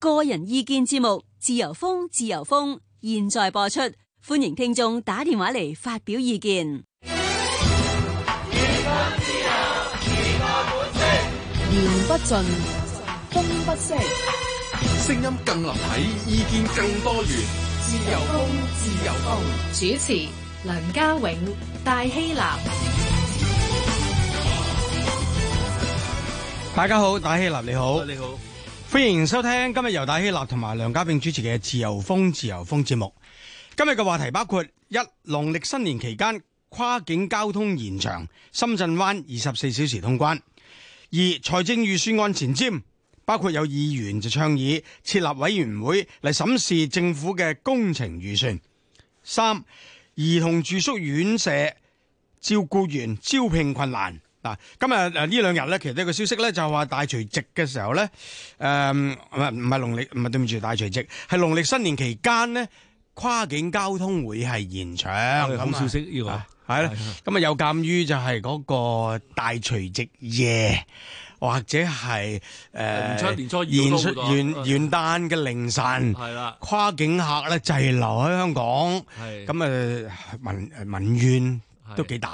個人意見節目，自由風，自由風，現在播出，歡迎聽眾打電話嚟發表意見。自自由自本言不盡，風不息，聲音更立體，意見更多元。自由風，自由風。主持梁家永、戴希南。大家好，戴希南你好。你好。你好歡迎收聽今日由戴希立同埋梁家炳主持嘅自由風自由風節目。今日嘅話題包括：一、農曆新年期間跨境交通延長，深圳灣二十四小時通關；二、財政預算案前瞻，包括有議員就倡議設立委員會嚟審視政府嘅工程預算；三、兒童住宿院舍照顧員招聘困難。嗱，今日誒呢兩日咧，其實呢個消息咧，就話大除夕嘅時候咧，誒唔係唔係農曆唔係對唔住，大除夕係農曆新年期間呢，跨境交通會係延長，咁消息呢、呢個係啦，咁啊有鑑於就係嗰個大除夕夜或者係誒年初年初二年初元元旦嘅凌晨，的跨境客咧滯留喺香港，咁啊民民怨都幾大。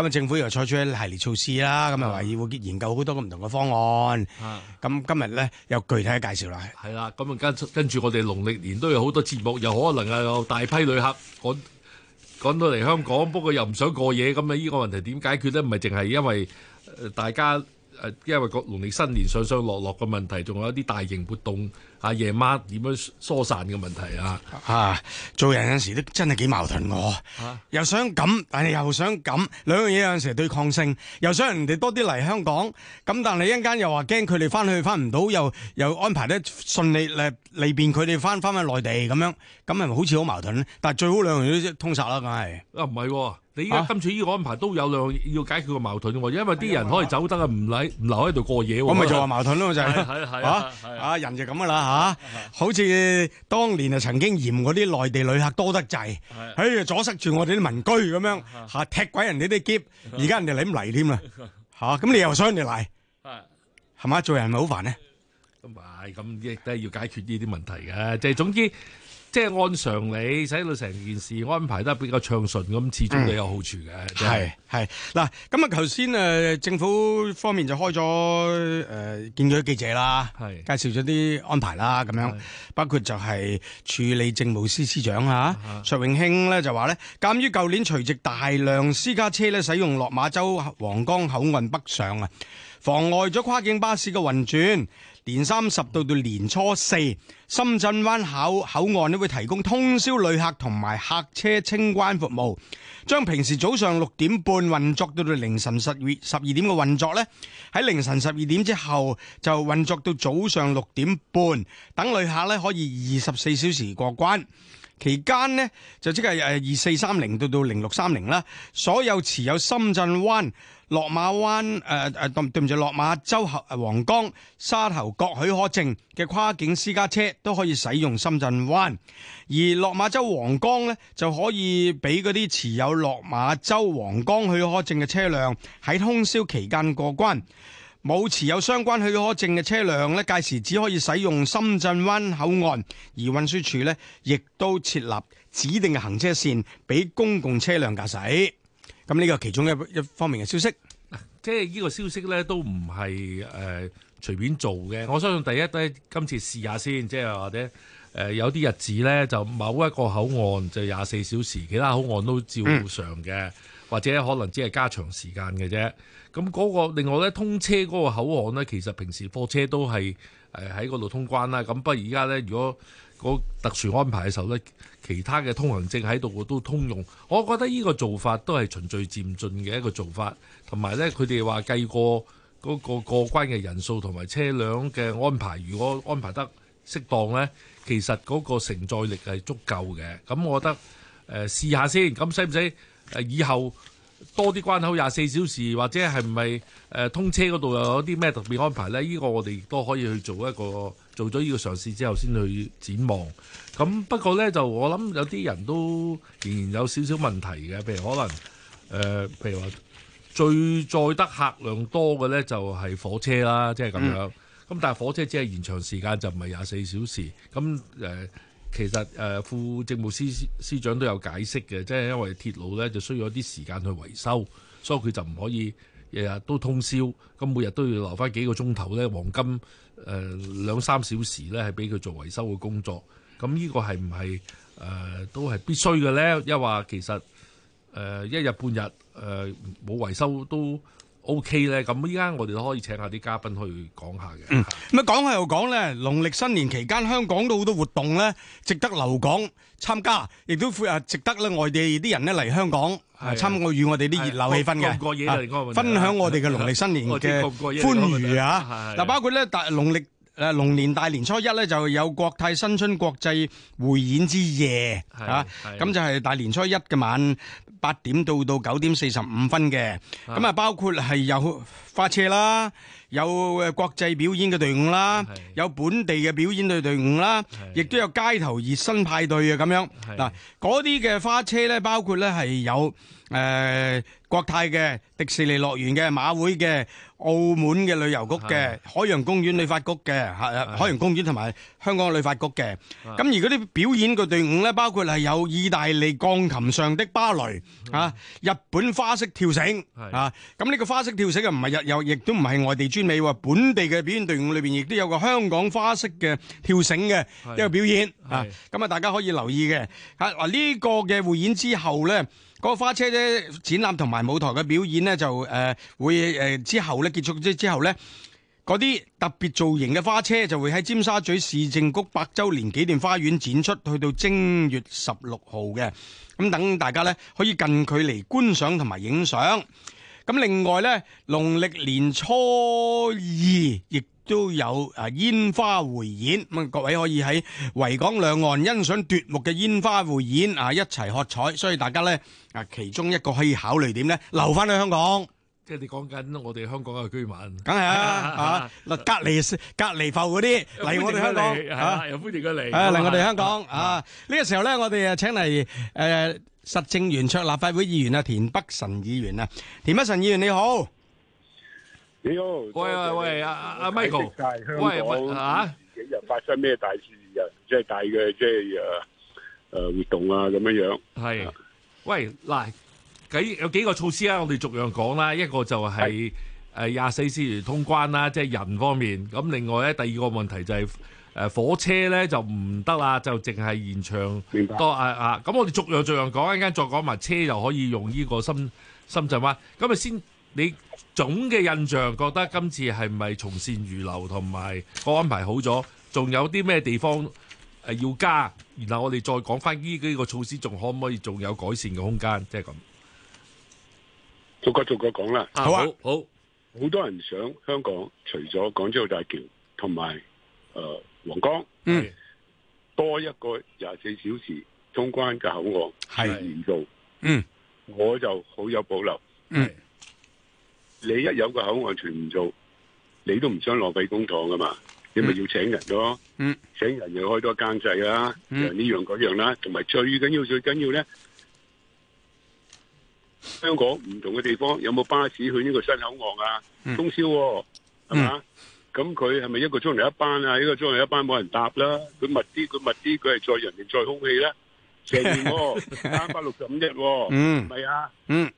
咁啊，政府又採取一系列措施啦，咁啊話要研究好多個唔同嘅方案。咁今日咧有具體嘅介紹啦。係啦，咁跟跟住我哋農曆年都有好多節目，又可能啊有大批旅客趕趕到嚟香港，不過又唔想過夜，咁啊呢個問題點解決咧？唔係淨係因為大家誒，因為個農曆新年上上落落嘅問題，仲有一啲大型活動。啊，夜晚點樣疏散嘅問題啊，啊？做人有時都真係幾矛盾，喎、啊。又想咁，但係又想咁，兩樣嘢有時對抗性，又想人哋多啲嚟香港，咁但你一陣間又話驚佢哋翻去翻唔到，又又安排得順利利利便佢哋翻翻去內地咁樣，咁係咪好似好矛盾？但最好兩樣嘢都通殺啦，梗係啊，唔係喎，你依家今次呢個安排都有兩樣嘢要解決嘅矛盾喎，因為啲人可以走得啊，唔嚟唔留喺度過夜喎。咁咪就話矛盾咯，就係、係、啊人就咁噶啦。啊！好似當年啊，曾經嫌嗰啲內地旅客多得滯，唉，阻塞住我哋啲民居咁樣，嚇踢鬼人哋啲喼，而家人哋嚟唔嚟添啦，嚇！咁你又想人哋嚟，係嘛？做人咪好煩咧，唔係咁亦都係要解決呢啲問題嘅，即係總之。即係按常理，使到成件事安排得比較暢順咁，始終都有好處嘅。係係嗱，咁啊頭先誒政府方面就開咗誒、呃、見咗記者啦，係是介紹咗啲安排啦，咁是樣包括就係署理政務司司長啊的卓永興咧就話咧，鑑於舊年除夕大量私家車咧使用落馬洲皇崗口岸北上啊，妨礙咗跨境巴士嘅運轉。年三十到到年初四，深圳灣口口岸都會提供通宵旅客同埋客車清關服務，將平時早上六點半運作到到凌晨十二十二點嘅運作呢，喺凌晨十二點之後就運作到早上六點半，等旅客呢可以二十四小時過關。期間呢，就即係二四三零到到零六三零啦，所有持有深圳灣。落馬灣誒誒，對唔住，落馬洲、皇崗、沙頭角許可證嘅跨境私家車都可以使用深圳灣，而落馬洲、皇崗呢就可以俾嗰啲持有落馬洲、皇崗許可證嘅車輛喺通宵期間過關。冇持有相關許可證嘅車輛呢，屆時只可以使用深圳灣口岸。而運輸署呢，亦都設立指定嘅行車線俾公共車輛駕駛。咁呢個其中一一方面嘅消息，即係呢個消息呢都唔係、呃、隨便做嘅。我相信第一呢，今次試下先，即係或者、呃、有啲日子呢，就某一個口岸就廿四小時，其他口岸都照常嘅，嗯、或者可能只係加長時間嘅啫。咁嗰、嗰個另外呢，通車嗰個口岸呢，其實平時貨車都係喺嗰度通關啦。咁不過而家呢，如果個特殊安排嘅時候呢，其他嘅通行證喺度都通用。我覺得呢個做法都係循序漸進嘅一個做法，同埋呢，佢哋話計過嗰個過關嘅人數同埋車輛嘅安排，如果安排得適當呢，其實嗰個承載力係足夠嘅。咁我覺得誒、呃、試下先，咁使唔使誒以後多啲關口廿四小時，或者係唔係誒通車嗰度又有啲咩特別安排呢？呢、呢個我哋都可以去做一個。做咗呢個嘗試之後，先去展望。咁不過呢，就我諗有啲人都仍然有少少問題嘅，譬如可能誒、呃，譬如話最載得客量多嘅呢，就係火車啦，即係咁樣。咁但係火車只係延長時間，就唔係廿四小時。咁誒、呃，其實誒、呃、副政務司司長都有解釋嘅，即、就、係、是、因為鐵路呢就需要啲時間去維修，所以佢就唔可以。日日都通宵，咁每日都要留翻幾個鐘頭咧，黃金誒兩三小時咧，係俾佢做維修嘅工作。咁呢個係唔係誒都係必須嘅咧？因為話其實誒一日半日誒冇維修都 OK 咧。咁依家我哋都可以請下啲嘉賓去講下嘅。嗯，咁啊講下又講咧，農曆新年期間香港都好多活動咧，值得留港參加，亦都會啊值得咧外地啲人咧嚟香港。係參與，與我哋啲熱鬧氣氛嘅，分享我哋嘅農曆新年嘅歡愉啊！嗱，包括咧大農曆誒龍年大年初一咧，就有國泰新春國際匯演之夜啊！咁就係大年初一嘅晚八點到到九點四十五分嘅，咁啊包括係有花車啦。有誒國際表演嘅隊伍啦，有本地嘅表演隊隊，隊伍啦，亦都有街頭熱身派對啊咁樣。嗱，嗰啲嘅花車呢，包括呢係有。誒，國泰嘅迪士尼樂園嘅馬會嘅澳門嘅旅遊局嘅海洋公園旅發局嘅吓，海洋公園同埋香港旅發局嘅。咁而嗰啲表演嘅隊伍咧，包括係有意大利鋼琴上的芭蕾啊，日本花式跳繩啊。咁呢個花式跳繩啊，唔係日有亦都唔係外地專美喎，本地嘅表演隊伍裏邊亦都有個香港花式嘅跳繩嘅一個表演啊。咁啊，大家可以留意嘅吓。嗱呢個嘅匯演之後咧。嗰個花車咧，展覽同埋舞台嘅表演呢，就誒會誒之後咧結束咗之後咧，嗰啲特別造型嘅花車就會喺尖沙咀市政局百周年紀念花園展出，去到正月十六號嘅，咁等大家咧可以近距離觀賞同埋影相。咁另外咧，農曆年初二亦都有啊！煙花匯演咁各位可以喺維港兩岸欣賞奪目嘅煙花匯演啊！一齊喝彩！所以大家咧啊，其中一個可以考慮點咧，留翻去香港。即係你講緊我哋香港嘅居民。梗係啊！啊嗱、啊啊，隔離隔離埠嗰啲嚟我哋香港嚇、啊，又歡迎佢嚟。嚟、啊啊啊、我哋香港啊！呢、啊呢個時候咧，我哋啊請嚟誒實政圓桌立法會議員啊田北辰議員啊，田北辰議員，田北辰議員你好。你好，喂喂，阿阿 Michael，喂啊，吓！幾日發生咩大事？人即係大嘅，即係誒誒活動啊，咁樣樣。係，喂嗱，幾有幾個措施啊？我哋逐樣講啦。一個就係誒廿四小時通關啦，即係人方面。咁另外咧，第二個問題就係誒火車咧就唔得啦，就淨係延長多啊啊！咁我哋逐樣逐樣講，一陣間再講埋車又可以用呢個深深圳灣。咁啊先。你總嘅印象覺得今次係咪從善如流同埋個安排好咗？仲有啲咩地方係要加？然後我哋再講翻呢幾個措施，仲可唔可以仲有改善嘅空間？即係咁，逐個逐個講啦。啊好啊，好，啊好，好好多人想香港除咗港珠澳大橋同埋誒皇崗，嗯，多一個廿四小時通關嘅口岸係延是續，嗯，我就好有保留，嗯。你一有個口岸全唔做，你都唔想浪費公帑噶嘛？你咪要請人咯、啊，嗯、請人又開多間制啦，呢樣嗰樣啦，同埋最緊要最緊要咧，香港唔同嘅地方有冇巴士去呢個新口岸啊？嗯、通宵係、啊、嘛？咁佢係咪一個鐘頭一,一班啊？一個鐘頭一,一班冇人搭啦，佢密啲，佢密啲，佢係載人定載空氣咧？成年喎，三百六十五日，唔係啊？嗯。是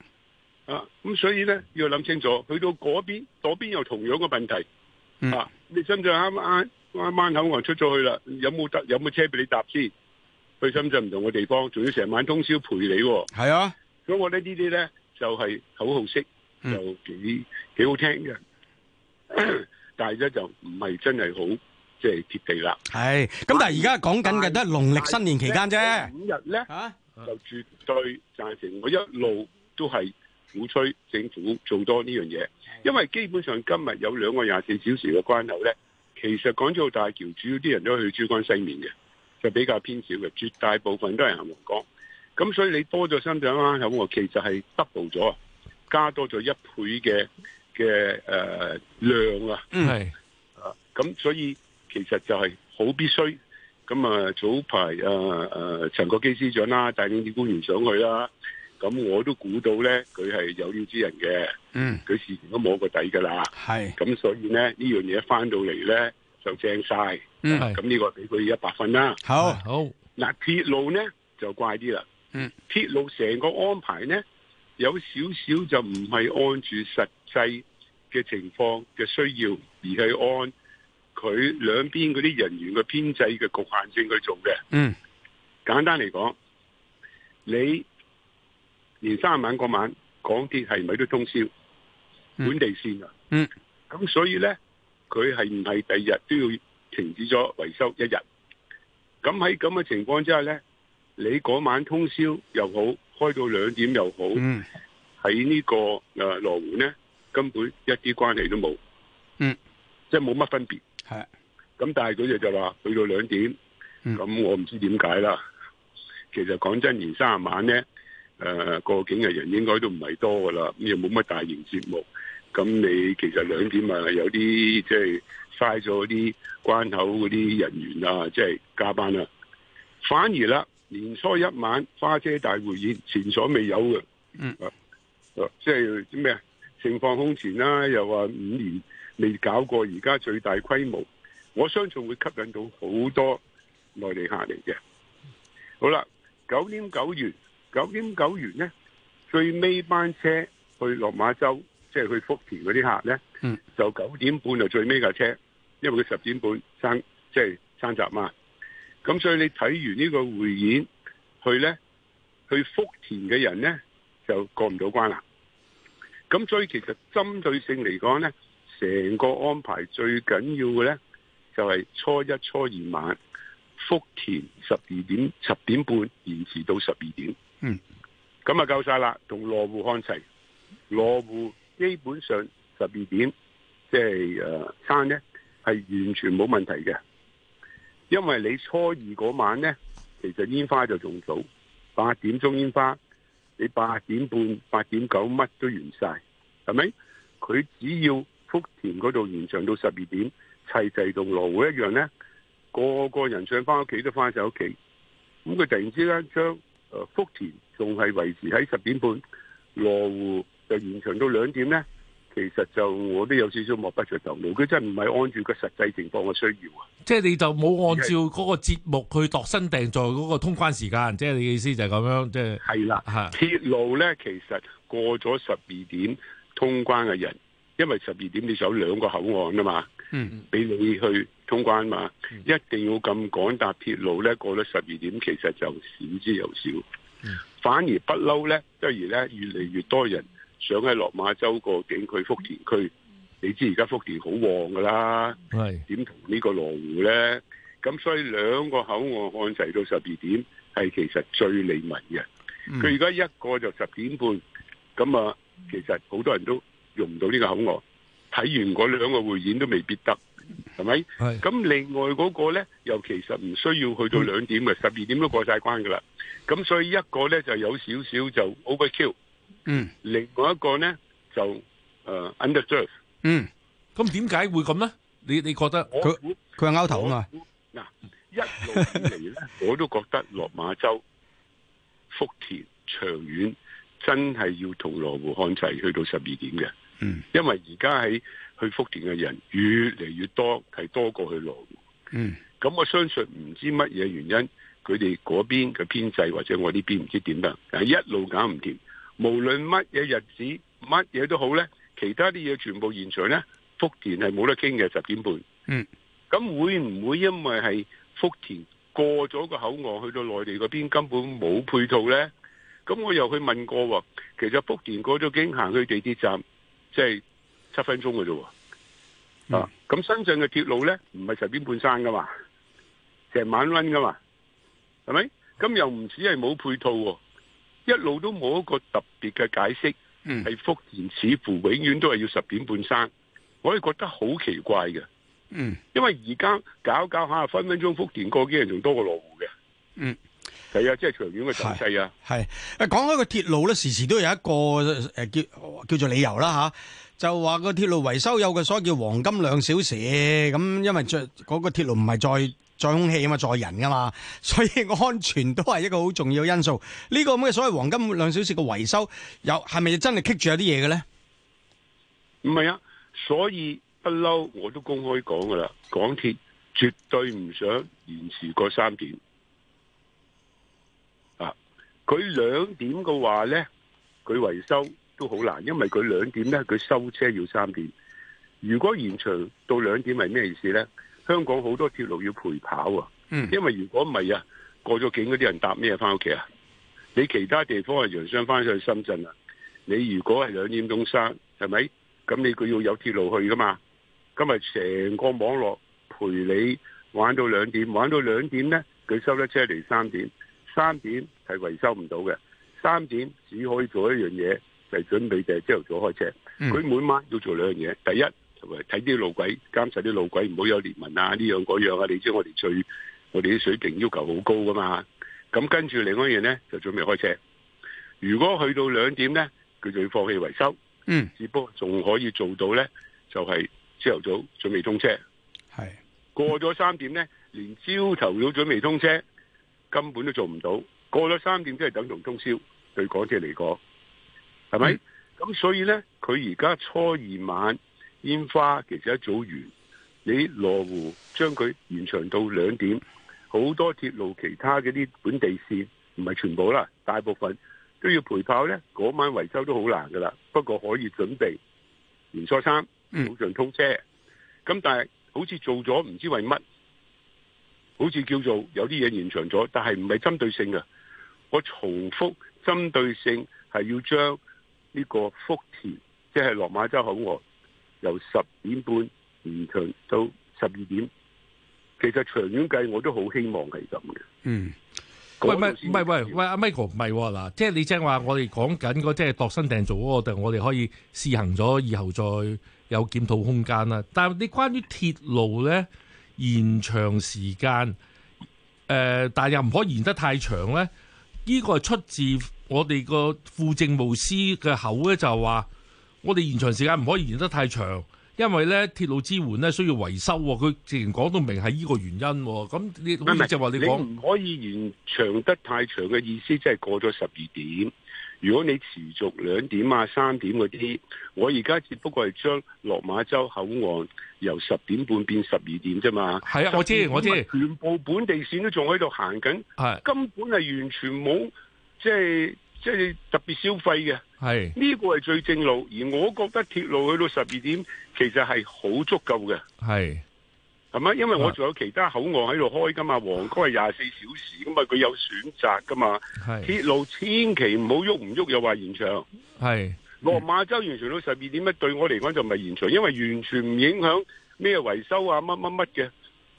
啊！咁所以咧，要諗清楚，去到嗰邊，嗰邊有同樣嘅問題。嗯、啊！你深圳啱啱啱啱口岸出咗去啦，有冇得有冇車俾你搭先？去深圳唔同嘅地方，仲要成晚通宵陪你。係啊，咁、啊、我得呢啲咧就係口號式，就幾幾好聽嘅。 但係咧就唔係真係好即係貼地啦。係咁，但係而家講緊嘅都係農曆新年期間啫。五日咧，就絕對贊成我一路都係，鼓吹政府做多呢樣嘢，因為基本上今日有兩個廿四小時嘅關口咧，其實港珠澳大橋主要啲人都去珠江西面嘅，就比較偏少嘅，絕大部分都係行皇崗。咁所以你多咗深圳灣口岸，其實係 double 咗加多咗一倍嘅嘅誒量啊，係是啊，咁所以其實就係好必須。咁、呃呃、啊，早排啊啊，陳國基司長啦，帶領啲官員上去啦、啊。咁我都估到咧，佢係有料之人嘅。嗯，佢事前都摸過底㗎喇。係是，咁所以咧呢樣嘢返到嚟咧就正晒。嗯，咁呢個俾佢一百分啦。好，是好。嗱、啊，鐵路咧就怪啲啦。嗯，鐵路成個安排咧有少少就唔係按住實際嘅情況嘅需要，而係按佢兩邊嗰啲人員嘅編制嘅局限性去做嘅。嗯，簡單嚟講，你。年三十晚嗰晚港鐵係咪都通宵？嗯、本地綫啊，咁、嗯、所以呢，佢係唔係第二日都要停止咗維修一日？咁喺咁嘅情況之下呢，你嗰晚通宵又好，開到兩點又好，喺呢、嗯、個誒羅湖呢，根本一啲關係都冇，嗯，即係冇乜分別。係的，咁但係嗰日就話去到兩點，咁、嗯、我唔知點解啦。其實講真，年三十晚呢。誒、啊，過境嘅人應該都唔係多噶啦，咁又冇乜大型節目，咁你其實兩點咪、啊、有啲即係嘥咗啲關口嗰啲人員啊，即、就、係、是、加班啦、啊。反而啦，年初一晚花姐大匯演前所未有嘅，嗯即係啲咩啊？啊就是、盛況空前啦、啊，又話五年未搞過，而家最大規模，我相信會吸引到好多內地客嚟嘅。好啦，九點九月。九點九元呢，最尾班車去落馬洲，即係去福田嗰啲客呢，就九點半就最尾架車，因為佢十點半生，即係三十晚嘛。咁所以你睇完呢個匯演，去呢，去福田嘅人呢，就過唔到關啦。咁所以其實針對性嚟講呢，成個安排最緊要嘅呢，就係初一、初二晚福田十二點十點半延遲到十二點。嗯，咁啊夠晒啦，同羅湖看齊，羅湖基本上十二點，即係誒，山、就是呃、呢係完全冇問題嘅，因為你初二嗰晚呢，其實煙花就仲早，八點鐘煙花，你八點半、八點九乜都完晒，係咪？佢只要福田嗰度延長到十二點，齊齊同羅湖一樣呢，個個人上翻屋企都翻晒屋企，咁佢突然之間將。誒福田仲係維持喺十點半，羅湖就延長到兩點咧。其實就我都有少少摸不着頭腦，佢真係唔係按照個實際情況嘅需要啊？即係你就冇按照嗰個節目去度身訂造嗰個通關時間，即係的你意思就係咁樣，即係係啦嚇。鐵路咧，其實過咗十二點通關嘅人，因為十二點你就有兩個口岸啊嘛。嗯，俾你去通關嘛，嗯、一定要咁趕搭鐵路咧過咗十二點，其實就少之又少。嗯、反而不嬲咧，因而咧越嚟越多人想喺落馬洲個景區福田區。你知而家福田好旺噶啦，係點同呢個羅湖咧？咁所以兩個口岸按齊到十二點，係其實最利民嘅。佢而家一個就十點半，咁啊，其實好多人都用唔到呢個口岸。睇完嗰兩個匯演都未必得，係咪？咁另外嗰個咧，又其實唔需要去到兩點嘅，十二點都過曬關嘅啦。咁所以一個咧就有少少就 overkill，嗯，另外一個咧就誒 underdrift，嗯。咁點解會咁咧？你你覺得佢佢係拗頭啊嘛？嗱，一路嚟咧，我都覺得落馬洲、福田、長遠。真係要同羅湖看齊，去到十二點嘅，嗯、因為而家喺去福田嘅人越嚟越多，係多過去羅湖。咁、嗯、我相信唔知乜嘢原因，佢哋嗰邊嘅編制或者我呢邊唔知點樣，但係一路搞唔掂。無論乜嘢日子，乜嘢都好呢，其他啲嘢全部現場呢，福田係冇得傾嘅十點半。咁、嗯、會唔會因為係福田過咗個口岸去到內地嗰邊根本冇配套呢？咁我又去問過、哦，其實福田過咗境行去地鐵站，即係七分鐘嘅啫。嗯、啊，咁深圳嘅鐵路咧，唔係十點半山噶嘛，成晚温噶嘛，係咪？咁又唔止係冇配套、哦，一路都冇一個特別嘅解釋。係、嗯、福田似乎永遠都係要十點半山，我哋覺得好奇怪嘅。嗯，因為而家搞搞下分分鐘福田過境人仲多過羅湖嘅。嗯。係啊，即係長遠嘅趨勢啊。係，誒，講、啊、開個鐵路咧，時時都有一個誒、呃、叫叫做理由啦吓、啊，就話個鐵路維修有個所謂，叫黃金兩小時，咁因為、那個、鐵在嗰個鐵路唔係在載空氣啊嘛，載人噶嘛，所以安全都係一個好重要嘅因素。呢、這個嘅所謂黃金兩小時嘅維修有，有係咪真係棘住有啲嘢嘅咧？唔係啊，所以不嬲我都公開講噶啦，港鐵絕對唔想延遲過三點。佢兩點嘅話呢，佢維修都好難，因為佢兩點呢，佢收車要三點。如果延長到兩點，係咩意思呢？香港好多鐵路要陪跑啊，因為如果唔係啊，過咗境嗰啲人搭咩翻屋企啊？你其他地方係船商翻上深圳啊？你如果係兩點鐘收，係咪？咁你佢要有鐵路去噶嘛？今日成個網絡陪你玩到兩點，玩到兩點呢，佢收得車嚟三點。三點係維修唔到嘅，三點只可以做一樣嘢，就係、是、準備就係朝頭早開車。佢、嗯、每晚都做兩樣嘢，第一就係睇啲路軌，監察啲路軌唔好有裂紋啊，呢樣嗰樣啊。你知我哋水我哋啲水平要求好高噶嘛？咁跟住另一樣咧就準備開車。如果去到兩點咧，佢就要放棄維修。嗯，只不過仲可以做到咧，就係朝頭早準備通車。係是過咗三點咧，連朝頭早準備通車。根本都做唔到，過咗三點即係等同通宵，對港鐵嚟講，係咪？咁、嗯、所以呢，佢而家初二晚煙花其實一早完，你羅湖將佢延長到兩點，好多鐵路其他嘅啲本地線唔係全部啦，大部分都要陪跑呢。嗰晚維修都好難噶啦，不過可以準備，年初三早上通車。咁、嗯、但係好似做咗唔知為乜。好似叫做有啲嘢延長咗，但係唔係針對性嘅。我重複，針對性係要將呢個福田，即係落馬洲口岸，由十點半延長到十二點。其實長遠計，我都好希望係咁嘅。嗯，喂喂喂喂阿 Michael 唔係嗱，即係你正話我哋講緊嗰即係度身訂造嗰個，我哋可以試行咗，以後再有檢討空間啦。但係你關於鐵路咧，延長時間，誒、呃，但又唔可以延得太長呢。咧。依個呢個係出自我哋個副政務司嘅口咧，就話我哋延長時間唔可以延得太長，因為咧鐵路支援咧需要維修、哦，佢之前講到明係呢個原因、哦。咁你意思就話，你講唔可以延長得太長嘅意思，即係過咗十二點。如果你持續兩點啊、三點嗰啲，我而家只不過係將落馬洲口岸由十點半變十二點啫嘛。係啊，點我知我知，全部本地線都仲喺度行緊，是根本係完全冇即係即係特別消費嘅。係呢是個係最正路，而我覺得鐵路去到十二點其實係好足夠嘅。係。係咪？因為我仲有其他口岸喺度開噶嘛，皇崗係廿四小時，咁啊佢有選擇噶嘛。是鐵路千祈唔好喐唔喐又話延長。係落是馬洲延長到十二點乜？是對我嚟講就唔係延長，嗯、因為完全唔影響咩維修啊乜乜乜嘅。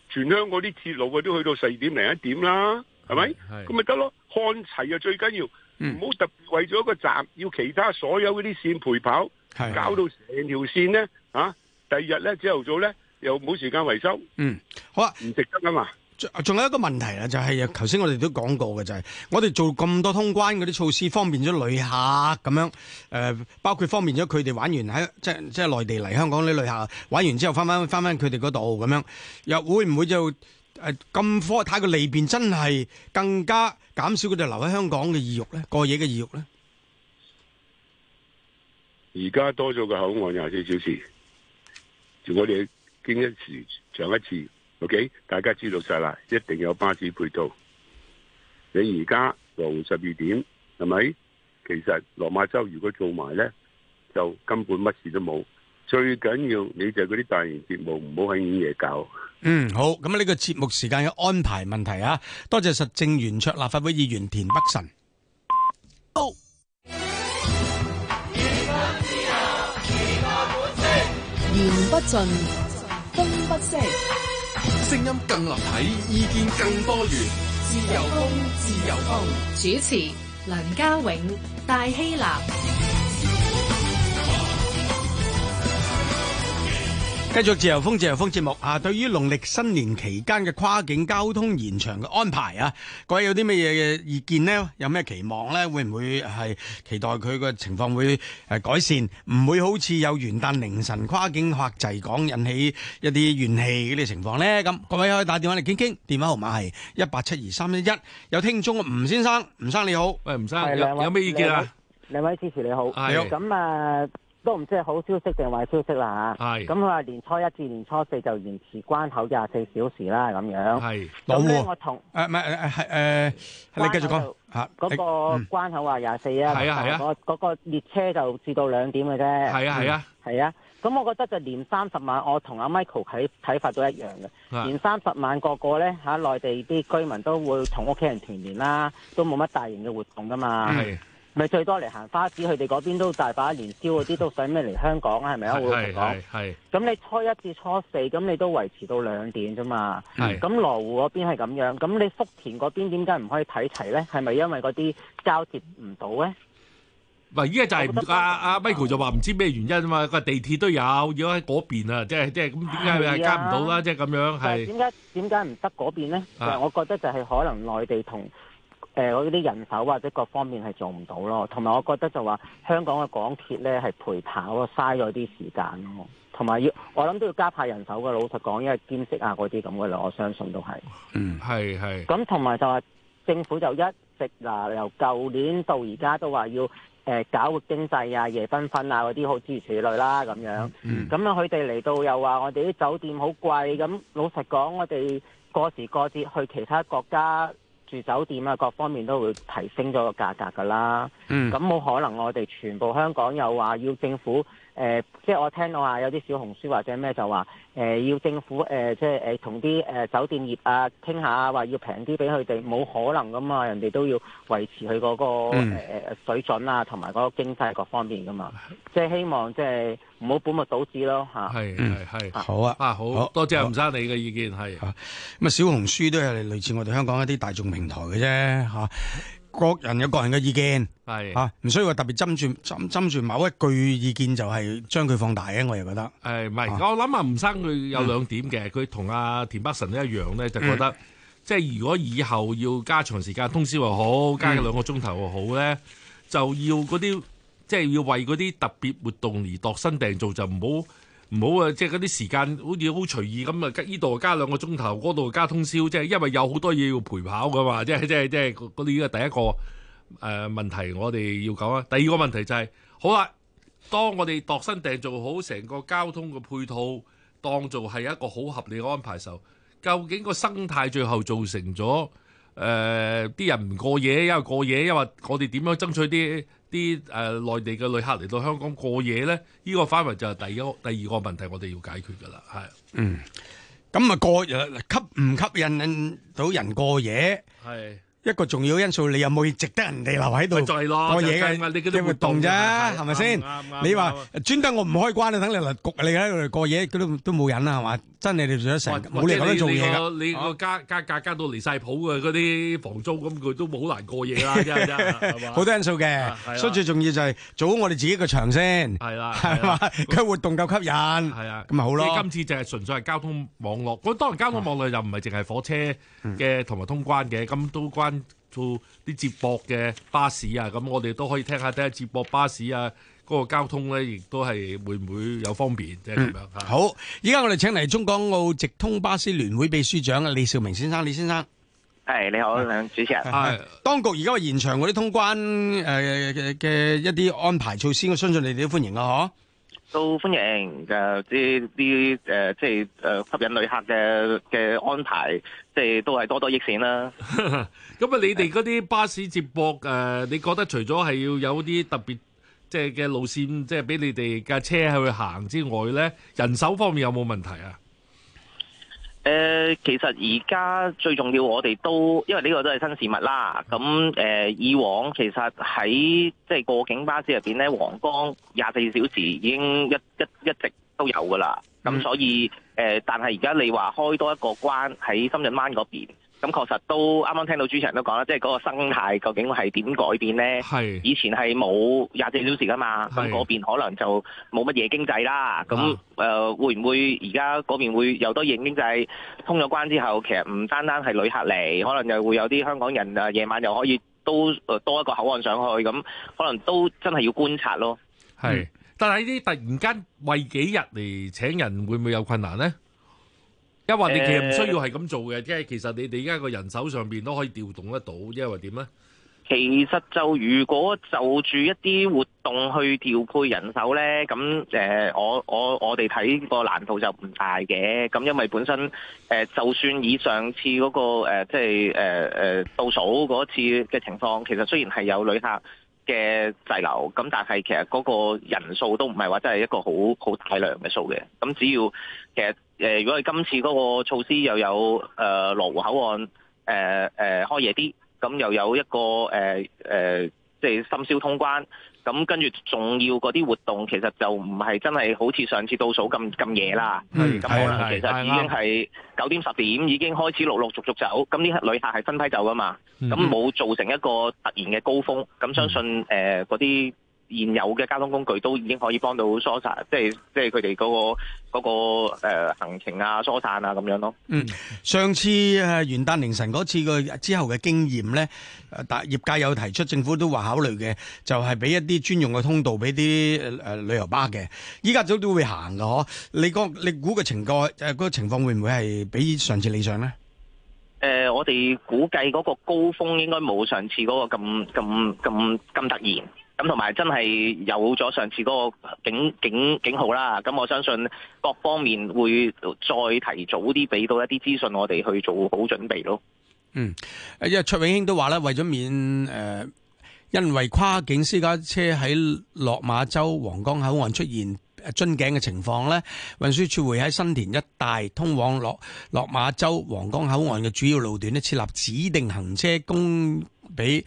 全香港啲鐵路啊都去到四點零一點啦，係咪？咁咪得咯？看齊啊最緊要，唔好、嗯、特別為咗一個站要其他所有嗰啲線陪跑，是搞到成條線呢。啊！第二日呢，朝頭早呢。又冇時間維修，嗯，好啊，唔值得啊嘛。仲有一個問題啦，就係啊，頭先我哋都講過嘅就係，我哋做咁多通關嗰啲措施，方便咗旅客咁樣，誒，包括方便咗佢哋玩完喺即係即係內地嚟香港啲旅客玩完之後翻翻翻翻佢哋嗰度咁樣，又會唔會就誒咁火？睇個利便真係更加減少佢哋留喺香港嘅意欲咧，過夜嘅意欲咧。而家多咗個口岸廿四小時，我哋。經一次，上一次，OK，大家知道晒啦，一定有巴士配套。你而家到十二點，係咪？其實落馬洲如果做埋咧，就根本乜事都冇。最緊要你就嗰啲大型節目，唔好喺午夜搞。嗯，好。咁呢個節目時間嘅安排問題啊，多謝實政圓桌立法會議員田北辰。Go! 風不息，聲音更立體，意見更多元。自由風，自由風。主持：梁家永、戴希南。繼續自由風自由風節目啊！對於農曆新年期間嘅跨境交通延長嘅安排啊，各位有啲乜嘢嘅意見呢？有咩期望呢？會唔會係期待佢個情況會誒改善？唔會好似有元旦凌晨跨境客滯港引起一啲怨氣嗰啲情況咧？咁各位可以打電話嚟，傾傾，電話號碼係一八七二三一一。有聽眾吳先生，吳生你好，誒，吳生，喂有位有咩意見啊？兩位主持你好，咁啊、哎喲。都唔知係好消息定壞消息啦，咁佢話年初一至年初四就延遲關口廿四小時啦咁樣，咁咧我同誒唔你繼續講，嗰個關口話廿四啊，嗰嗰個列車就至到兩點嘅啫，係啊係啊係啊，咁我覺得就年三十晚我同阿 Michael 睇睇法都一樣嘅，年三十晚個個咧嚇內地啲居民都會同屋企人團年啦，都冇乜大型嘅活動噶嘛。咪最多嚟行花市，佢哋嗰邊都大把年宵嗰啲，都使咩嚟香港啊？係咪啊？我哋嚟講，咁你初一至初四，咁你都維持到兩點啫嘛。咁羅湖嗰邊係咁樣，咁你福田嗰邊點解唔可以睇齊咧？係咪因為嗰啲交接唔到咧？喂，係，依家就係阿阿 Michael 就話唔知咩原因啊嘛。個地鐵都有，如果喺嗰邊啊，即係即係咁，點解係加唔到啦？即係咁樣係。點解點解唔得嗰邊咧？我覺得就係可能內地同。誒，我哋啲人手或者各方面係做唔到咯，同埋我覺得就話香港嘅港鐵咧係陪跑，嘥咗啲時間咯，同埋要我諗都要加派人手嘅。老實講，因為兼職啊嗰啲咁嘅咯，我相信都係。嗯，係係。咁同埋就話政府就一直嗱、啊，由舊年到而家都話要誒、呃、搞活經濟啊、夜繽紛啊嗰啲好諸如此類啦咁樣。咁樣佢哋嚟到又話我哋啲酒店好貴，咁老實講，我哋過時過節去其他國家。住，住酒店啊，各方面都會提升咗個價格噶啦。嗯、咁冇可能我哋全部香港又話要政府誒、呃，即係我聽到話有啲小紅書或者咩就話誒、呃、要政府誒、呃，即係誒同啲誒酒店業啊傾下，話要平啲俾佢哋，冇可能噶嘛。人哋都要維持佢嗰、嗰個誒、嗯呃、水準啊，同埋嗰個經濟各方面噶嘛。即係希望即係。唔好本末倒置咯，嚇！係係係，好啊！啊好，多謝阿吳生你嘅意見，係嚇。咁啊，小紅書都係類似我哋香港一啲大眾平台嘅啫，嚇。各人有各人嘅意見，係嚇，唔需要話特別針住針住某一句意見就係將佢放大嘅。我又覺得，誒唔係，我諗啊，吳生佢有兩點嘅，佢同阿田北辰都一樣咧，就覺得，即係如果以後要加長時間通宵又好，加兩個鐘頭又好咧，就要嗰啲。即係要為嗰啲特別活動而度身訂造，就唔好唔好啊！即係嗰啲時間好似好隨意咁啊！呢度加兩個鐘頭，嗰度加通宵，即係因為有好多嘢要陪跑噶嘛！即係即係即係嗰啲啊！第一個誒、呃、問題，我哋要講啊。第二個問題就係、是，好啦，當我哋度身訂造好成個交通嘅配套，當做係一個好合理嘅安排時候，究竟個生態最後造成咗誒啲人唔過夜，因為過夜，因為我哋點樣爭取啲？啲誒內地嘅旅客嚟到香港過夜呢，呢個範圍就係第一、第二個問題，我哋要解決㗎啦，係。嗯，咁啊過人吸唔吸引到人過夜？係。一個重要因素，你有冇值得人哋留喺度過夜嘅活動啫？係咪先？你話專登我唔開關，等你嚟焗你咧，過夜嗰啲都都冇人啦，係嘛？真係你做得成，冇你咁樣做嘢噶。你個加加價加到離晒譜嘅嗰啲房租，咁佢都好難過夜啦，係嘛？好多因素嘅，所以最重要就係做好我哋自己個場先。係啦，係嘛？個活動夠吸引。係啊，咁咪好咯。你今次就係純粹係交通網絡，咁當然交通網絡又唔係淨係火車嘅，同埋通關嘅，咁都關。做啲接駁嘅巴士啊，咁我哋都可以聽下睇下接駁巴士啊，嗰、嗰個交通咧，亦都係會唔會有方便即係點樣？好，而家我哋請嚟中港澳直通巴士聯會秘書長李少鳴先生，李先生，係你好，兩主持人。啊，Hi. 當局而家延長嗰啲通關誒嘅、呃、一啲安排措施，我相信你哋都歡迎啊，呵。都歡迎嘅啲啲誒即係誒吸引旅客嘅嘅安排，即係都係多多益善啦。咁啊， 你哋啲巴士接駁誒，你覺得除咗係要有啲特別即係嘅路線即係俾你哋架車去行之外咧，人手方面有冇問題啊？誒、呃，其實而家最重要我，我哋都因為呢個都係新事物啦。咁誒、呃，以往其實喺即係過境巴士入邊咧，黃崗廿四小時已經一一一直都有噶啦。咁所以誒、呃，但係而家你話開多一個關喺深圳灣嗰邊。咁確實都啱啱聽到主持人都講啦，即係嗰個生態究竟係點改變呢？係以前係冇廿四小時㗎嘛，咁嗰邊可能就冇乜夜經濟啦。咁誒會唔會而家嗰邊會有多夜經濟？通咗關之後，其實唔單單係旅客嚟，可能又會有啲香港人誒夜晚又可以都誒多一個口岸上去，咁可能都真係要觀察咯。係，但係啲突然間為幾日嚟請人，會唔會有困難呢？因為你其實唔需要係咁做嘅，即係其實你哋而家個人手上邊都可以調動得到。因為點咧？其實就如果就住一啲活動去調配人手咧，咁誒，我我我哋睇個難度就唔大嘅。咁因為本身誒，就算以上次嗰個誒，即係誒誒倒數嗰次嘅情況，其實雖然係有旅客嘅滯留，咁但係其實嗰個人數都唔係話真係一個好好大量嘅數嘅。咁只要其實。誒、呃，如果係今次嗰個措施又有誒、呃、羅湖口岸誒誒開夜啲，咁又有一個誒誒、呃呃，即係深宵通關，咁、嗯、跟住重要嗰啲活動，其實就唔係真係好似上次倒數咁咁夜啦。咁可能其實已經係九點十點已經開始陸陸續續走，咁呢旅客係分批走噶嘛，咁冇、嗯嗯、造成一個突然嘅高峰，咁相信誒嗰啲。呃現有嘅交通工具都已經可以幫到疏散，即係即係佢哋嗰個嗰、嗰個呃、行程啊、疏散啊咁樣咯。嗯，上次啊元旦凌晨嗰次個之後嘅經驗咧，誒、呃、業界有提出，政府都話考慮嘅，就係俾一啲專用嘅通道俾啲誒誒旅遊巴嘅。依家早都會行嘅，你個你估嘅情況誒嗰個情況會唔會係比上次理想咧？誒、呃，我哋估計嗰個高峰應該冇上次嗰個咁咁咁咁突然。咁同埋真係有咗上次嗰個警警警號啦，咁我相信各方面會再提早啲俾到一啲資訊，我哋去做好準備咯。嗯，因為卓永興都話咧，為咗免誒、呃，因為跨境私家車喺落馬洲皇崗口岸出現樽頸嘅情況咧，運輸處會喺新田一帶通往落落馬洲皇崗口岸嘅主要路段咧設立指定行車供俾。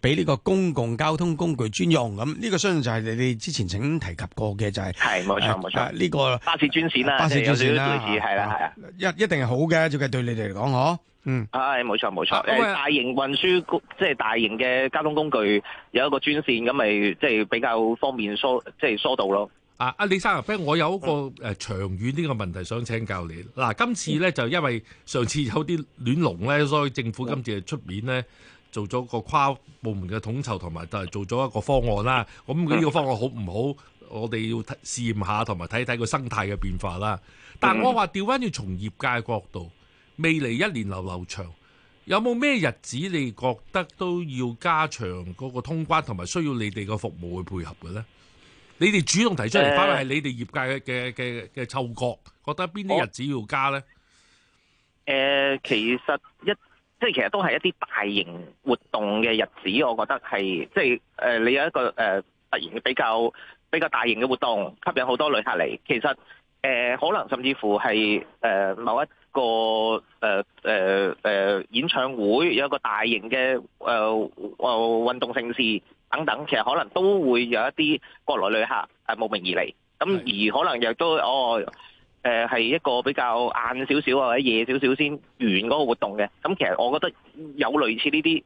俾呢個公共交通工具專用咁，呢個相信就係你哋之前曾經提及過嘅，就係係冇錯冇錯，呢個巴士專線啦，巴士專線啦，係啦係啊，一一定係好嘅，最緊對你哋嚟講，嗬，嗯，係冇錯冇錯，誒大型運輸公即係大型嘅交通工具有一個專線咁，咪即係比較方便疏即係疏導咯。啊啊，李生啊，不如我有一個誒長遠呢個問題想請教你。嗱，今次咧就因為上次有啲亂龍咧，所以政府今次出面咧。做咗個跨部門嘅統籌同埋，就係做咗一個方案啦。咁呢個方案好唔好？我哋要試驗下，同埋睇睇個生態嘅變化啦。但我話調翻要從業界的角度，未來一年流流長，有冇咩日子你覺得都要加長嗰個通關同埋需要你哋嘅服務去配合嘅呢？你哋主動提出嚟翻係你哋業界嘅嘅嘅嘅嗅覺，覺得邊啲日子要加呢？誒、呃，其實一。即係其實都係一啲大型活動嘅日子，我覺得係即係誒，你有一個誒、呃、突然比較比較大型嘅活動，吸引好多旅客嚟。其實誒、呃，可能甚至乎係誒、呃、某一個誒誒、呃呃呃、演唱會，有一個大型嘅誒誒運動盛事等等，其實可能都會有一啲國內旅客誒慕名而嚟。咁、嗯、是的 而可能亦都哦。誒係一個比較晏少少或者夜少少先完嗰個活動嘅，咁其實我覺得有類似呢啲，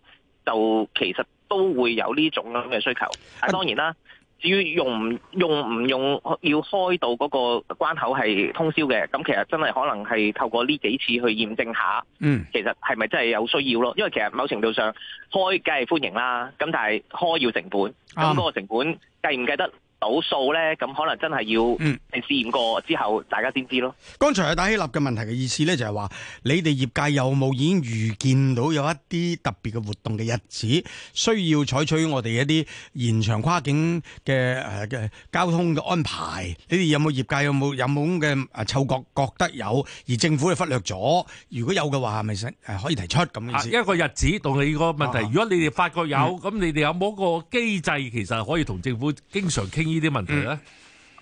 就其實都會有呢種咁嘅需求。但當然啦，至於用唔用唔用要開到嗰個關口係通宵嘅，咁其實真係可能係透過呢幾次去驗證下，嗯，其實係咪真係有需要咯？因為其實某程度上開梗係歡迎啦，咁但係開要成本，咁嗰個成本計唔計得？有數咧，咁可能真係要誒試驗過之後，大家先知咯。剛才阿戴希立嘅問題嘅意思咧，就係話你哋業界有冇已經預見到有一啲特別嘅活動嘅日子，需要採取我哋一啲延長跨境嘅嘅、呃、交通嘅安排？你哋有冇業界有冇有冇咁嘅誒嗅覺覺得有，而政府係忽略咗？如果有嘅話，係咪可以提出咁嘅、啊、一個日子同你個問題，啊、如果你哋發覺有，咁、嗯、你哋有冇個個機制，其實可以同政府經常傾？呢啲問題咧、嗯，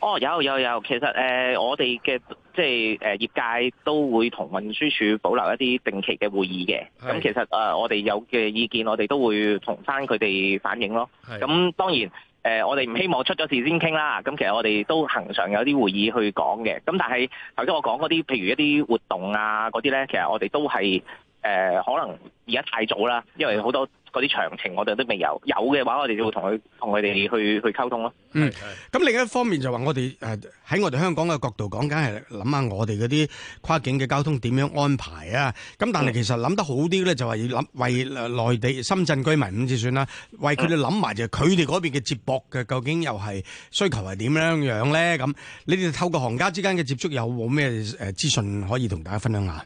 哦有有有，其實誒、呃、我哋嘅即係誒、呃、業界都會同運輸署保留一啲定期嘅會議嘅，咁的、嗯、其實誒、呃、我哋有嘅意見，我哋都會同翻佢哋反映咯。咁的、嗯、當然誒、呃，我哋唔希望出咗事先傾啦。咁、嗯、其實我哋都恆常有啲會議去講嘅。咁但係頭先我講嗰啲，譬如一啲活動啊嗰啲咧，其實我哋都係。誒、呃、可能而家太早啦，因為好多嗰啲詳情我哋都未有。有嘅話，我哋就會同佢同佢哋去去溝通咯。嗯，咁另一方面就話我哋喺、呃、我哋香港嘅角度講，梗係諗下我哋嗰啲跨境嘅交通點樣安排啊。咁但係其實諗得好啲咧，就係要諗為內地深圳居民點算啦，為佢哋諗埋就係佢哋嗰邊嘅接駁嘅究竟又係需求係點樣樣咧？咁你哋透過行家之間嘅接觸，有冇咩誒資訊可以同大家分享下？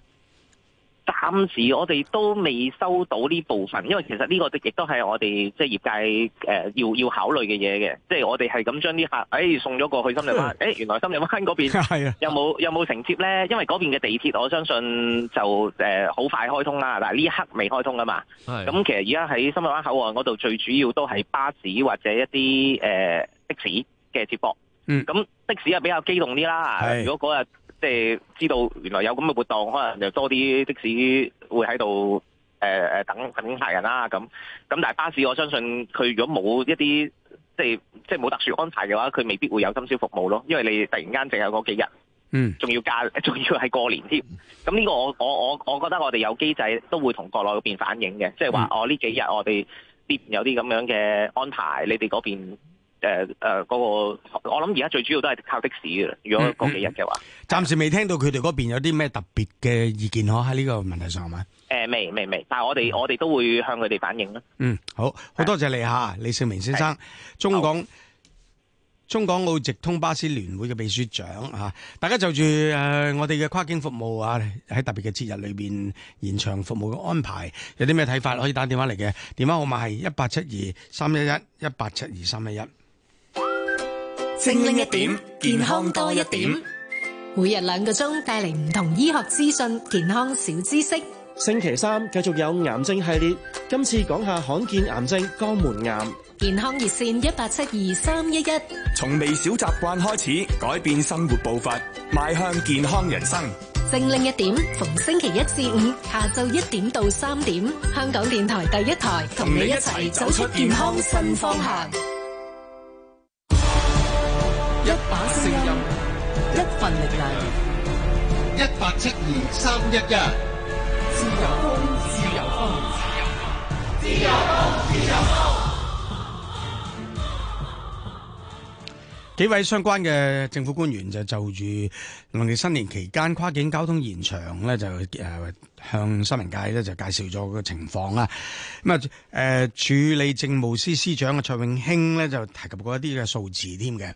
暫時我哋都未收到呢部分，因為其實呢個亦都係我哋即係業界誒、呃、要要考慮嘅嘢嘅，即係我哋係咁將啲客誒、哎、送咗過去深圳灣誒，原來深圳灣嗰邊有冇有冇承接咧？因為嗰邊嘅地鐵我相信就誒好、呃、快開通啦，但係呢一刻未開通啊嘛。咁 其實而家喺深圳灣口岸嗰度最主要都係巴士或者一啲誒、呃、的士嘅接駁。嗯，咁的士又比較機動啲啦。 如果嗰日即係知道原來有咁嘅活動，可能就多啲的士會喺度誒誒等等客人啦。咁咁但係巴士，我相信佢如果冇一啲即係即係冇特殊安排嘅話，佢未必會有通宵服務咯。因為你突然間淨係嗰幾日，嗯，仲要加，仲要係過年添。咁呢個我我我我覺得我哋有機制都會同國內嗰邊反映嘅，即係話我呢幾日我哋必有啲咁樣嘅安排，你哋嗰邊。誒誒，個我諗而家最主要都係靠的士嘅。如果嗰幾日嘅話，暫時未聽到佢哋嗰邊有啲咩特別嘅意見，可喺呢個問題上係嘛？誒，未未未，但係我哋我哋都會向佢哋反映啦。嗯，好，好多謝你吓，李少鳴先生，中港中港澳直通巴士聯會嘅秘書長，大家就住誒，我哋嘅跨境服務啊，喺特別嘅節日裏邊延長服務嘅安排，有啲咩睇法，可以打電話嚟嘅。電話號碼係一八七二三一一一八七二三一一。精靈一點，健康多一點。每日兩個鐘，帶嚟唔同醫學資訊、健康小知識。星期三繼續有癌症系列，今次講下罕見癌症肛門癌。健康熱線一八七二三一一。從微小習慣開始，改變生活步伐，邁向健康人生。精靈一點，逢星期一至五下晝一點到三點，香港電台第一台，同你一齊走出健康新方向。一把聲音，一份力量，一八七二三一一。自由，自由風，自由，自由風。幾位相關嘅政府官員就就住農曆新年期間跨境交通延長咧，就、啊、誒。向新聞界咧就介紹咗個情況啦。咁啊，誒處理政務司司長嘅蔡永興呢，就提及過一啲嘅數字添嘅，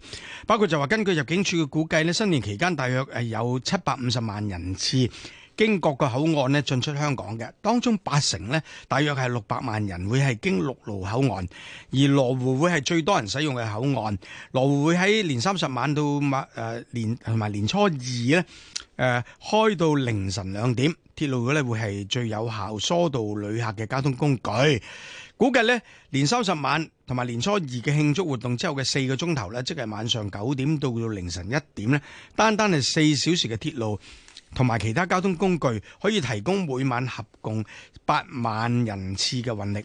包括就話根據入境處嘅估計呢，新年期間大約誒有七百五十萬人次經各個口岸呢進出香港嘅，當中八成呢大約係六百萬人會係經陸路口岸，而羅湖會係最多人使用嘅口岸。羅湖會喺年三十晚到晚、呃、年同埋年初二呢誒開到凌晨兩點。鐵路咧會係最有效疏導旅客嘅交通工具，估計咧年三十晚同埋年初二嘅慶祝活動之後嘅四個鐘頭咧，即係晚上九點到到凌晨一點咧，單單係四小時嘅鐵路同埋其他交通工具可以提供每晚合共八萬人次嘅運力。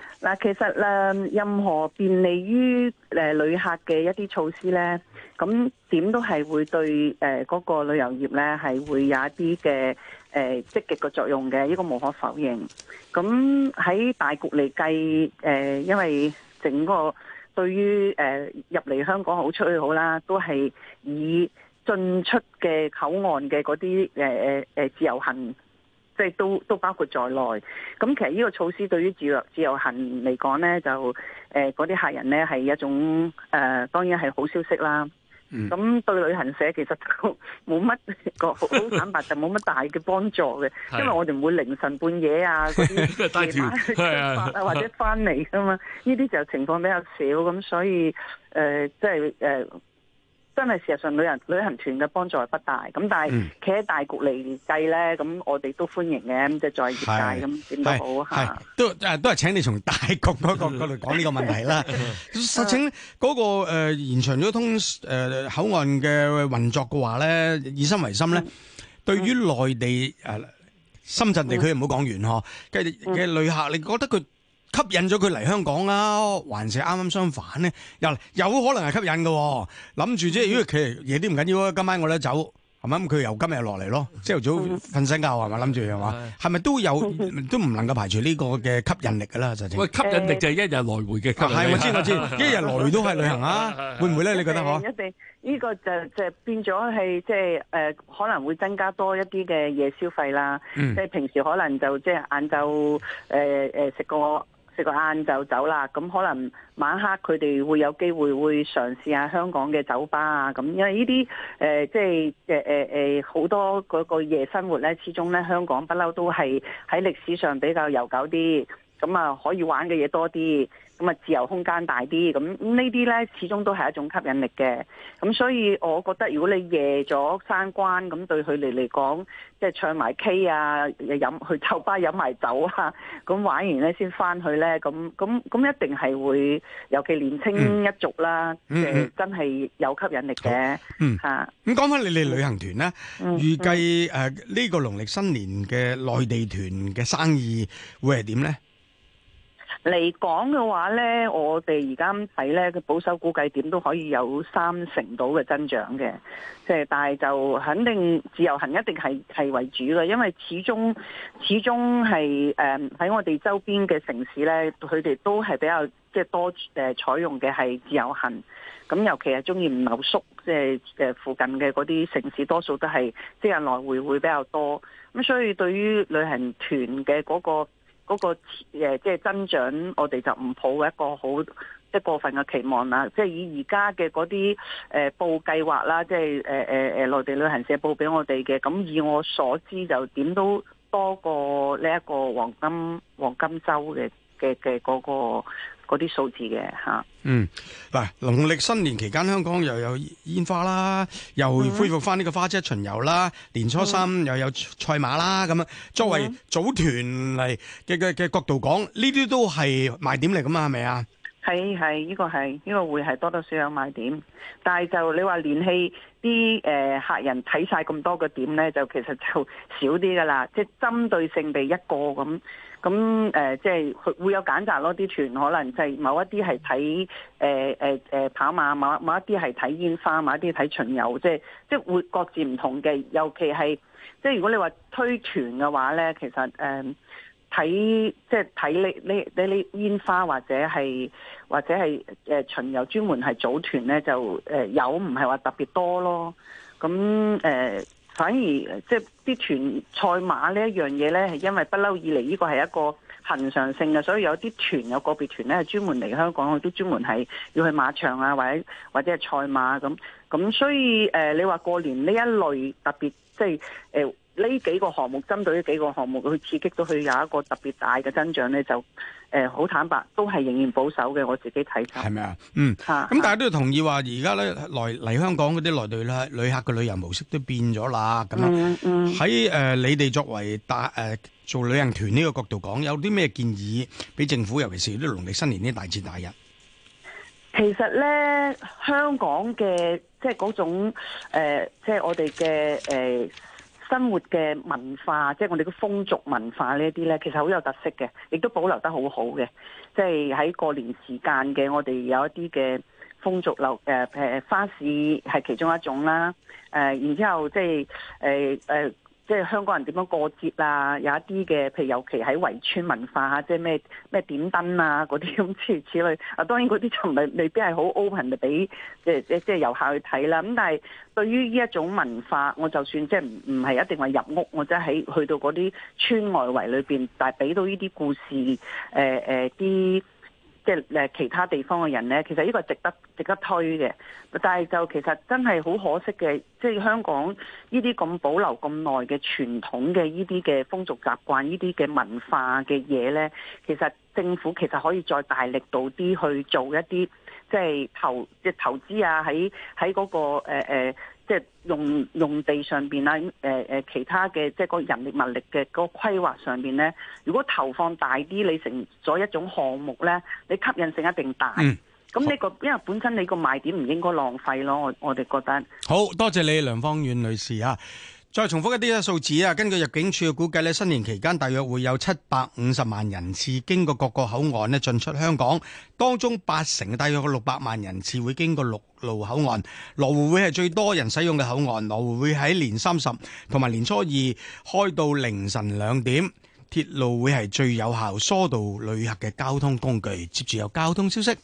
嗱，其實誒任何便利於誒旅客嘅一啲措施咧，咁點都係會對誒嗰個旅遊業咧係會有一啲嘅誒積極嘅作用嘅，呢個無可否認。咁喺大局嚟計，誒因為整個對於誒入嚟香港好，出去好啦，都係以進出嘅口岸嘅嗰啲誒誒誒自由行。即係都都包括在內，咁其實呢個措施對於自由自由行嚟講咧，就誒嗰啲客人咧係一種誒、呃、當然係好消息啦。咁、嗯、對旅行社其實都冇乜個好坦白 就冇乜大嘅幫助嘅，是因為我哋唔會凌晨半夜啊啲夜晚啊或者翻嚟噶嘛，呢啲 就情況比較少，咁所以誒即係誒。呃就是呃真係事實上，旅遊旅行團嘅幫助係不大。咁但係企喺大局嚟計咧，咁我哋都歡迎嘅，咁即係在業界咁點都好嚇。都誒，都係請你從大局嗰個角度講呢個問題啦。實情嗰個誒延長咗通誒口岸嘅運作嘅話咧，以心為心咧，對於內地誒深圳地區唔好講完呵，嘅嘅旅客，你覺得佢？吸引咗佢嚟香港啦，還是啱啱相反咧？又有可能係吸引嘅，諗住即係如果佢夜啲唔緊要啊，今晚我咧走係咪？咁佢由今日落嚟咯，朝頭早瞓醒覺係咪？諗住係嘛？係咪都有都唔能夠排除呢個嘅吸引力㗎啦？就喂吸引力就係一日來回嘅吸引力係，我知我知，一日來回都係旅行啊？會唔會咧？你覺得嗬？一定呢個就就變咗係即係誒，可能會增加多一啲嘅夜消費啦。即係平時可能就即係晏晝誒誒食個。個晏晝走啦，咁可能晚黑佢哋會有機會會嘗試下香港嘅酒吧啊，咁因為呢啲誒即係誒誒誒好多嗰個夜生活咧，始終咧香港不嬲都係喺歷史上比較悠久啲，咁啊可以玩嘅嘢多啲。咁啊，自由空間大啲，咁呢啲咧，始終都係一種吸引力嘅。咁所以，我覺得如果你夜咗閂關，咁對佢哋嚟講，即係唱埋 K 啊，飲去酒吧飲埋酒啊，咁玩完咧先翻去咧，咁咁咁一定係會，尤其年青一族啦，誒、嗯嗯、真係有吸引力嘅嚇。咁講翻你哋旅行團咧，嗯、預計誒呢個農曆新年嘅內地團嘅生意會係點咧？嚟講嘅話呢，我哋而家睇呢，保守估計點都可以有三成度嘅增長嘅，即係但係就肯定自由行一定係係為主啦，因為始終始終係誒喺我哋周邊嘅城市呢，佢哋都係比較即係、就是、多誒採用嘅係自由行，咁尤其係中意唔留宿，即、就、係、是、附近嘅嗰啲城市，多數都係即日來回會，會比較多，咁所以對於旅行團嘅嗰個。嗰個誒即係增長，我哋就唔抱一個好即係過分嘅期望啦。即係以而家嘅嗰啲誒報計劃啦，即係誒誒誒內地旅行社報俾我哋嘅，咁以我所知就點都多過呢一個黃金黃金週嘅嘅嘅嗰個。嗰啲數字嘅嚇，啊、嗯嗱，農曆新年期間香港又有煙花啦，又恢復翻呢個花車巡遊啦，年初三又有賽馬啦，咁啊、嗯，作為組團嚟嘅嘅嘅角度講，呢啲都係賣點嚟噶嘛，係咪啊？係係，呢、呢個係呢、呢個會係多多少少賣點，但係就你話聯繫啲誒客人睇晒咁多個點咧，就其實就少啲噶啦，即、就、係、係、針對性地一個咁。咁誒，即係、呃就是、會有揀擇囉。啲團可能即係某一啲係睇誒誒誒跑馬，某一啲係睇煙花，某一啲係睇巡遊，就是、即係即係會各自唔同嘅。尤其係即係如果你話推團嘅話呢，其實誒睇即係睇呢呢呢呢煙花，或者係或者係誒、呃、巡遊，專門係組團呢，就誒有唔係話特別多囉。咁誒。呃反而即係啲團賽馬呢一樣嘢呢，係因為不嬲以嚟呢個係一個恒常性嘅，所以有啲團有個別團呢，係專門嚟香港，佢都專門係要去馬場啊，或者或者係賽馬咁、啊。咁所以誒、呃，你話過年呢一類特別即係誒。就是呃呢幾個項目針對呢幾個項目去刺激到佢有一個特別大嘅增長咧，就誒好、呃、坦白，都係仍然保守嘅。我自己睇法。係咪啊？嗯。嚇、啊。咁大家都同意話，而家咧來嚟香港嗰啲來旅旅客嘅旅遊模式都變咗啦，咁樣。喺誒、嗯嗯呃，你哋作為大誒、呃、做旅行團呢個角度講，有啲咩建議俾政府？尤其是啲農曆新年啲大節大日。其實咧，香港嘅即係嗰種、呃、即係我哋嘅誒。呃生活嘅文化，即、就、係、是、我哋嘅風俗文化呢一啲咧，其實好有特色嘅，亦都保留得好好嘅。即係喺過年時間嘅，我哋有一啲嘅風俗流誒誒花市係其中一種啦。誒、呃，然之後即係誒誒。就是呃呃即係香港人點樣過節啊，有一啲嘅，譬如尤其喺圍村文化啊，即係咩咩點燈啊嗰啲咁諸如此類。啊，當然嗰啲就唔係未必係好 open，就俾即係即即係遊客去睇啦。咁但係對於呢一種文化，我就算即係唔唔係一定話入屋，我即係去到嗰啲村外圍裏邊，但係俾到呢啲故事，誒誒啲。呃即係誒其他地方嘅人咧，其實呢個值得值得推嘅，但係就其實真係好可惜嘅，即係香港呢啲咁保留咁耐嘅傳統嘅依啲嘅風俗習慣，依啲嘅文化嘅嘢咧，其實政府其實可以再大力度啲去做一啲即係投即係投資啊，喺喺嗰個誒、呃即係用用地上邊啦，誒誒其他嘅即係個人力物力嘅嗰個規劃上邊咧，如果投放大啲，你成咗一種項目咧，你吸引性一定大。嗯，咁呢個因為本身你個賣點唔應該浪費咯，我我哋覺得好多謝你梁芳遠女士啊。再重複一啲嘅數字啊，根據入境處嘅估計咧，新年期間大約會有七百五十萬人次經過各個口岸咧進出香港，當中八成嘅大約六百萬人次會經過陸路口岸，羅湖會係最多人使用嘅口岸。羅湖會喺年三十同埋年初二開到凌晨兩點，鐵路會係最有效疏導旅客嘅交通工具。接住有交通消息。